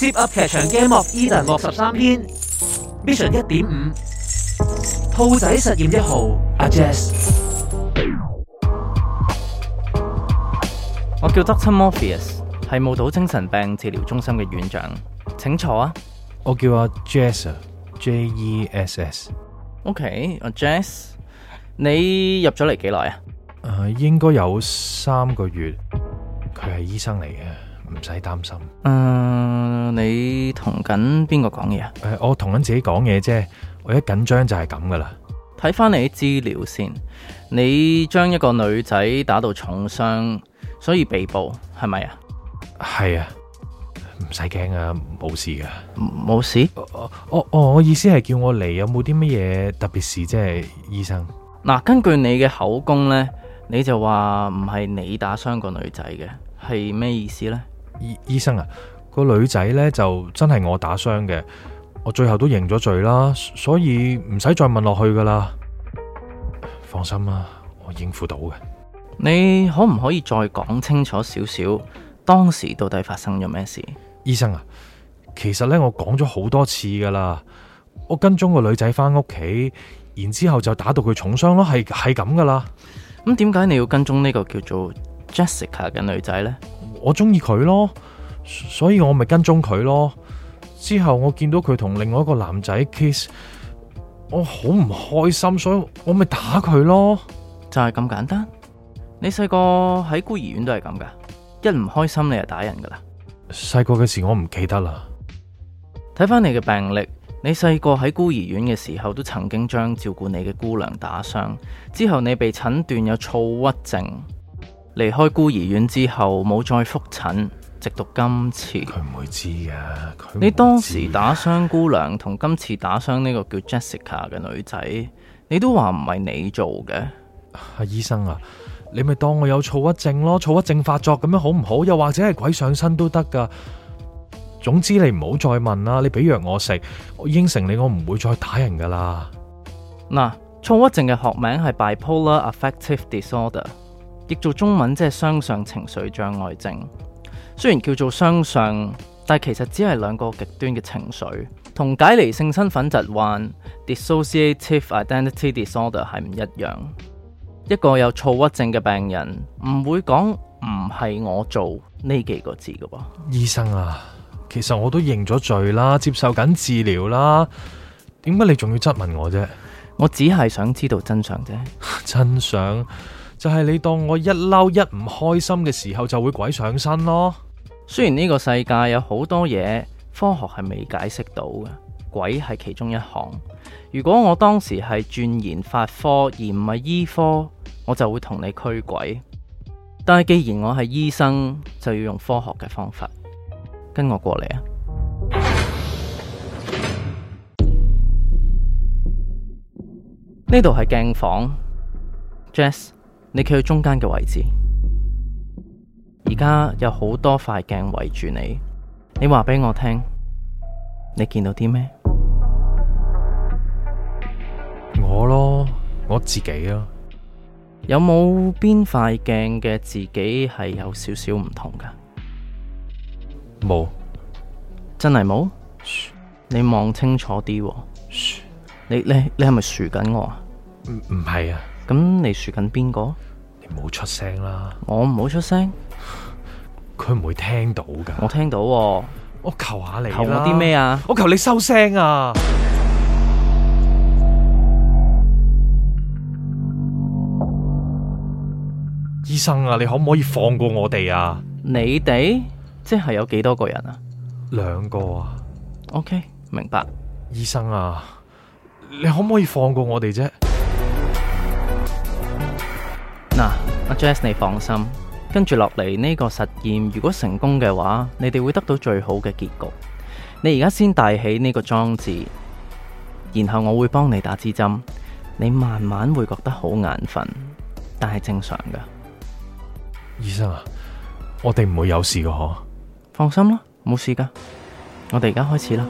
Zip 噏劇場《Game of Eden》莫十三篇，Mission 一點五，兔仔實驗一號，阿 Jess，我叫 Dr. Morpheus，係墓島精神病治療中心嘅院長，請坐啊。我叫阿 Jess，J-E-S-S。E S S、OK，阿 Jess，你入咗嚟幾耐啊？誒、呃，應該有三個月。佢係醫生嚟嘅。唔使擔心。誒、嗯，你同緊邊個講嘢啊？誒、呃，我同緊自己講嘢啫。我一緊張就係咁噶啦。睇翻你啲資料先，你將一個女仔打到重傷，所以被捕，係咪啊？係啊，唔使驚啊，冇事噶，冇事。哦哦、我我我意思係叫我嚟，有冇啲乜嘢特別事？即係醫生。嗱、啊，根據你嘅口供咧，你就話唔係你打傷個女仔嘅，係咩意思咧？醫醫生啊，個女仔呢就真係我打傷嘅，我最後都認咗罪啦，所以唔使再問落去噶啦。放心啦，我應付到嘅。你可唔可以再講清楚少少，當時到底發生咗咩事？醫生啊，其實呢，我講咗好多次噶啦，我跟蹤個女仔翻屋企，然之後就打到佢重傷咯，係係咁噶啦。咁點解你要跟蹤呢個叫做 Jessica 嘅女仔呢？我中意佢咯，所以我咪跟蹤佢咯。之後我見到佢同另外一個男仔 kiss，我好唔開心，所以我咪打佢咯。就係咁簡單？你細個喺孤兒院都係咁噶，一唔開心你就打人噶啦細個嘅事我唔記得啦。睇返你嘅病歷，你細個喺孤兒院嘅時候都曾經將照顧你嘅姑娘打傷，之後你被診斷有躁鬱症。離開孤兒院之後，冇再覆診，直到今次。佢唔會知嘅。佢，你當時打傷姑娘，同今次打傷呢個叫 Jessica 嘅女仔，你都話唔係你做嘅。阿、啊、醫生啊，你咪當我有躁鬱症咯，躁鬱症發作咁樣好唔好？又或者係鬼上身都得噶。總之你唔好再問啦，你俾藥我食，我應承你，我唔會再打人噶啦。嗱、呃，躁鬱症嘅學名係 Bipolar Affective Disorder。譯做中文即係雙相情緒障礙症，雖然叫做雙相，但其實只係兩個極端嘅情緒，同解離性身份疾患 （dissociative identity disorder） 係唔一樣。一個有躁鬱症嘅病人唔會講唔係我做呢幾個字嘅噃。醫生啊，其實我都認咗罪啦，接受緊治療啦，點解你仲要質問我啫？我只係想知道真相啫， 真相。就係你當我一嬲一唔開心嘅時候就會鬼上身咯。雖然呢個世界有好多嘢科學係未解釋到嘅，鬼係其中一項。如果我當時係鑽研法科而唔係醫科，我就會同你驅鬼。但係既然我係醫生，就要用科學嘅方法。跟我過嚟啊！呢度係鏡房，Jess 你企喺中間嘅位置，而家有好多塊鏡圍住你。你話俾我聽，你見到啲咩？我咯，我自己啊。有冇邊塊鏡嘅自己係有少少唔同噶？冇，真係冇？你望清楚啲。殊！你你你係咪殊緊我啊？唔唔係啊。咁你殊緊邊個？你唔好出聲啦！我唔好出聲，佢唔 會聽到噶。我聽到，我求下你啦！求，求我啲咩啊？我求你收聲啊！ 聲醫生啊，你可唔可以放過我哋啊？你哋即係有幾多個人啊？兩個啊。OK，明白。醫生啊，你可唔可以放過我哋啫，啊？阿 Jess 你放心，跟住落嚟呢個實驗如果成功嘅話，你哋會得到最好嘅結局。你而家先戴起呢個裝置，然後我會幫你打支針。你慢慢會覺得好眼瞓，但係正常噶。醫生啊，我哋唔會有事噶，嗬？放心啦，冇事噶，我哋而家開始啦。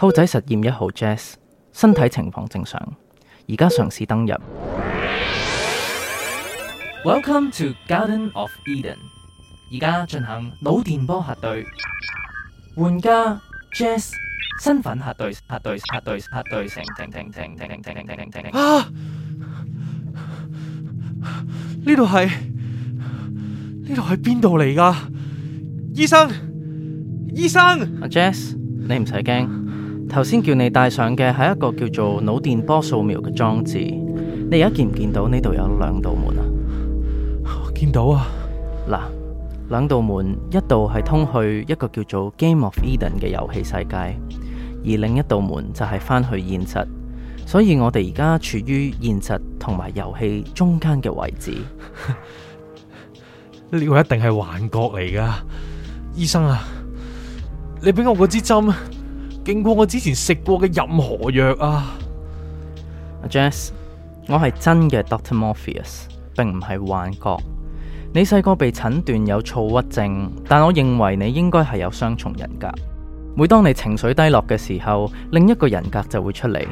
兔仔實驗一號 Jess，身體情況正常，而家嘗試登入。Welcome to Garden of Eden。而家進行腦電波核對。玩家 Jess 身份核對核對核對核對停停停停停停停停停，啊！呢度係呢度係邊度嚟噶？醫生，醫生，阿 Jess 你唔使驚。頭先叫你帶上嘅係一個叫做腦電波掃描嘅裝置。你而家見唔見到呢度有兩道門啊？見到啊！嗱，兩道門，一道係通去一個叫做《Game of Eden》嘅遊戲世界，而另一道門就係翻去現實。所以我哋而家處於現實同埋遊戲中間嘅位置。呢 個一定係幻覺嚟噶，醫生啊！你俾我嗰支針。勁過我之前食過嘅任何藥啊 Jess 我係真嘅 Doctor Morpheus，並唔係幻覺。你細個被診斷有躁鬱症，但我認為你應該係有雙重人格。每當你情緒低落嘅時候，另一個人格就會出嚟。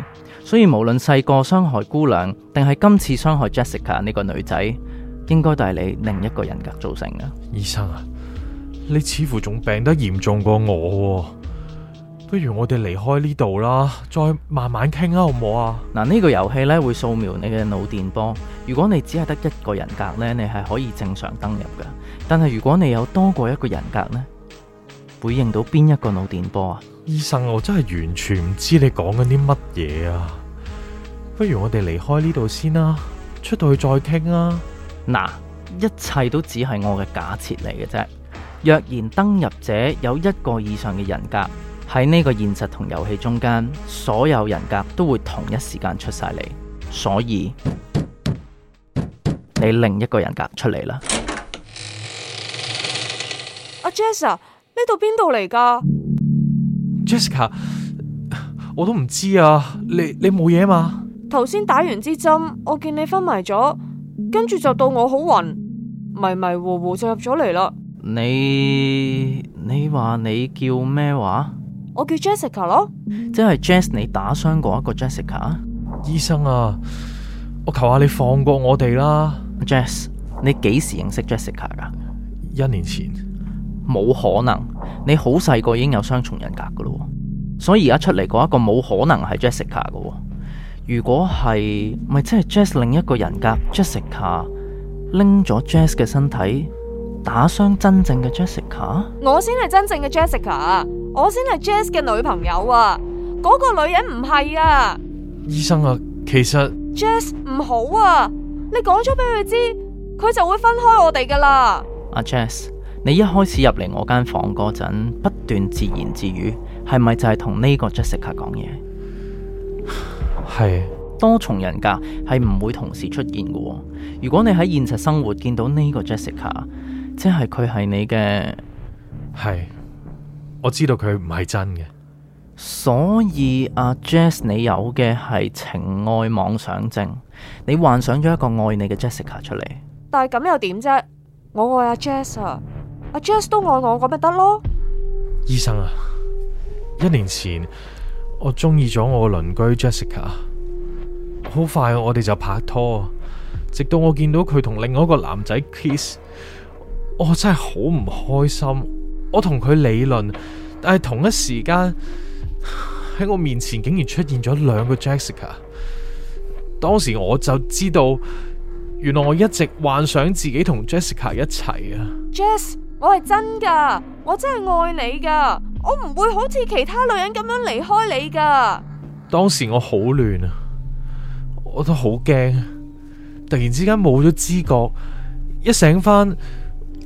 所以無論細個傷害姑娘，定係今次傷害 Jessica 呢個女仔，應該都係你另一個人格造成嘅。醫生啊，你似乎仲病得嚴重過我啊。不如我哋離開呢度啦，再慢慢傾啦，好唔好啊？嗱，呢個遊戲咧，會掃描你嘅腦電波。如果你只係得一個人格呢，你係可以正常登入嘅。但係如果你有多過一個人格呢，會認到邊一個腦電波啊？醫生，我真係完全唔知你講緊啲乜嘢啊！不如我哋離開呢度先啦，出到去再傾啊。嗱，一切都只係我嘅假設嚟嘅啫。若然登入者有一個以上嘅人格。喺呢個現實同遊戲中間，所有人格都會同一時間出晒嚟，所以你另一個人格出嚟啦。阿 Jess，啊，呢度邊度嚟噶？Jessica，我都唔知啊。你你，冇嘢嘛？頭先打完支針，我見你昏迷咗，跟住就到我好暈，迷迷糊糊就入咗嚟啦。你你，話你叫咩話？我叫 Jessica 咯，即係 Jess 你打傷過一個 Jessica。醫生啊，我求下你放過我哋啦。Jess 你幾時認識 Jessica 噶？一年前。冇可能，你好細個已經有雙重人格噶咯，所以而家出嚟嗰一個冇可能係 Jessica 噶。如果係，咪即係 Jess 另一個人格 Jessica 拎咗 Jess 嘅身體打傷真正嘅 Jessica？我先係真正嘅 Jessica。我先係 Jess 嘅女朋友啊，嗰、那個女人唔係啊。醫生啊，其實 Jess 唔好啊，你講咗俾佢知，佢就會分開我哋噶啦。阿、啊、Jess，你一開始入嚟我間房嗰陣，不斷自言自語，係咪就係同呢個 Jessica 講嘢？係是多重人格係唔會同時出現嘅。如果你喺現實生活見到呢個 Jessica，即係佢係你嘅，係。我知道佢唔係真嘅，所以阿 Jess 你有嘅係情愛妄想症，你幻想咗一個愛你嘅 Jessica 出嚟。但係咁又點啫？我愛阿 Jess 啊，阿 Jess 都愛我咁咪得咯。醫生啊，一年前我中意咗我鄰居 Jessica，好快我哋就拍拖，直到我見到佢同另外一個男仔 kiss，我真係好唔開心。我同佢理論，但係同一時間喺我面前竟然出現咗兩個 Jessica。當時我就知道，原來我一直幻想自己同 Jessica 一齊啊。Jess，我係真噶，我真係愛你噶，我唔會好似其他女人咁樣離開你噶。當時我好亂啊，我都好驚，突然之間冇咗知覺，一醒翻。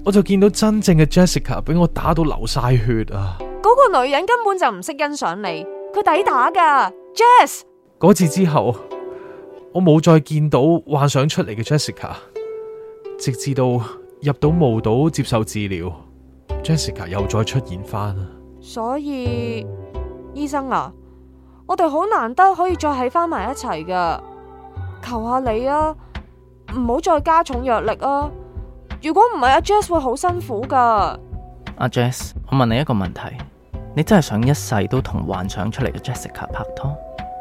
我就見到真正嘅 Jessica 俾我打到流晒血啊！嗰個女人根本就唔識欣賞你，佢抵打噶，Jess。嗰次之後，我冇再見到幻想出嚟嘅 Jessica，直至到入到墓島接受治療，Jessica 又再出現翻啊！所以醫生啊，我哋好難得可以再喺翻埋一齊噶，求下你啊，唔好再加重藥力啊！如果唔係，阿 Jess 會好辛苦噶。阿 Jess，我問你一個問題：你真係想一世都同幻想出嚟嘅 Jessica 拍拖？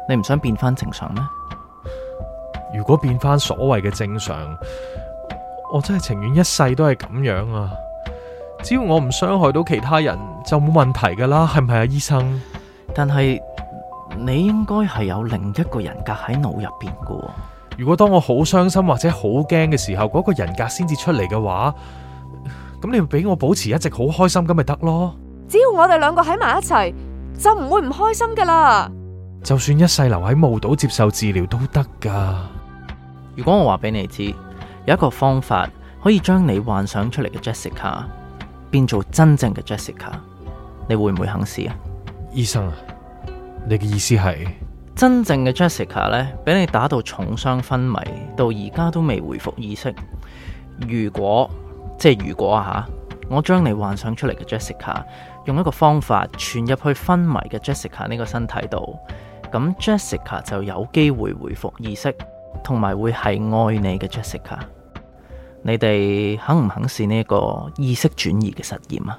你唔想變翻正常咩？如果變翻所謂嘅正常，我真係情願一世都係咁樣啊！只要我唔傷害到其他人，就冇問題噶啦，係唔係啊，醫生？但係你應該係有另一個人格喺腦入邊噶。如果當我好傷心或者好驚嘅時候，嗰個人格先至出嚟嘅話，咁你俾我保持一直好開心咁咪得咯。只要我哋兩個喺埋一齊，就唔會唔開心噶啦。就算一世留喺墓島接受治療都得噶。如果我話俾你知，有一個方法可以將你幻想出嚟嘅 Jessica 變做真正嘅 Jessica，你會唔會肯試啊？醫生啊，你嘅意思係？真正嘅 Jessica 呢，俾你打到重傷昏迷，到而家都未回復意識。如果即係如果吓，啊，我將你幻想出嚟嘅 Jessica 用一個方法傳入去昏迷嘅 Jessica 呢個身體度，咁 Jessica 就有機會回復意識，同埋會係愛你嘅 Jessica。你哋肯唔肯試呢一個意識轉移嘅實驗啊？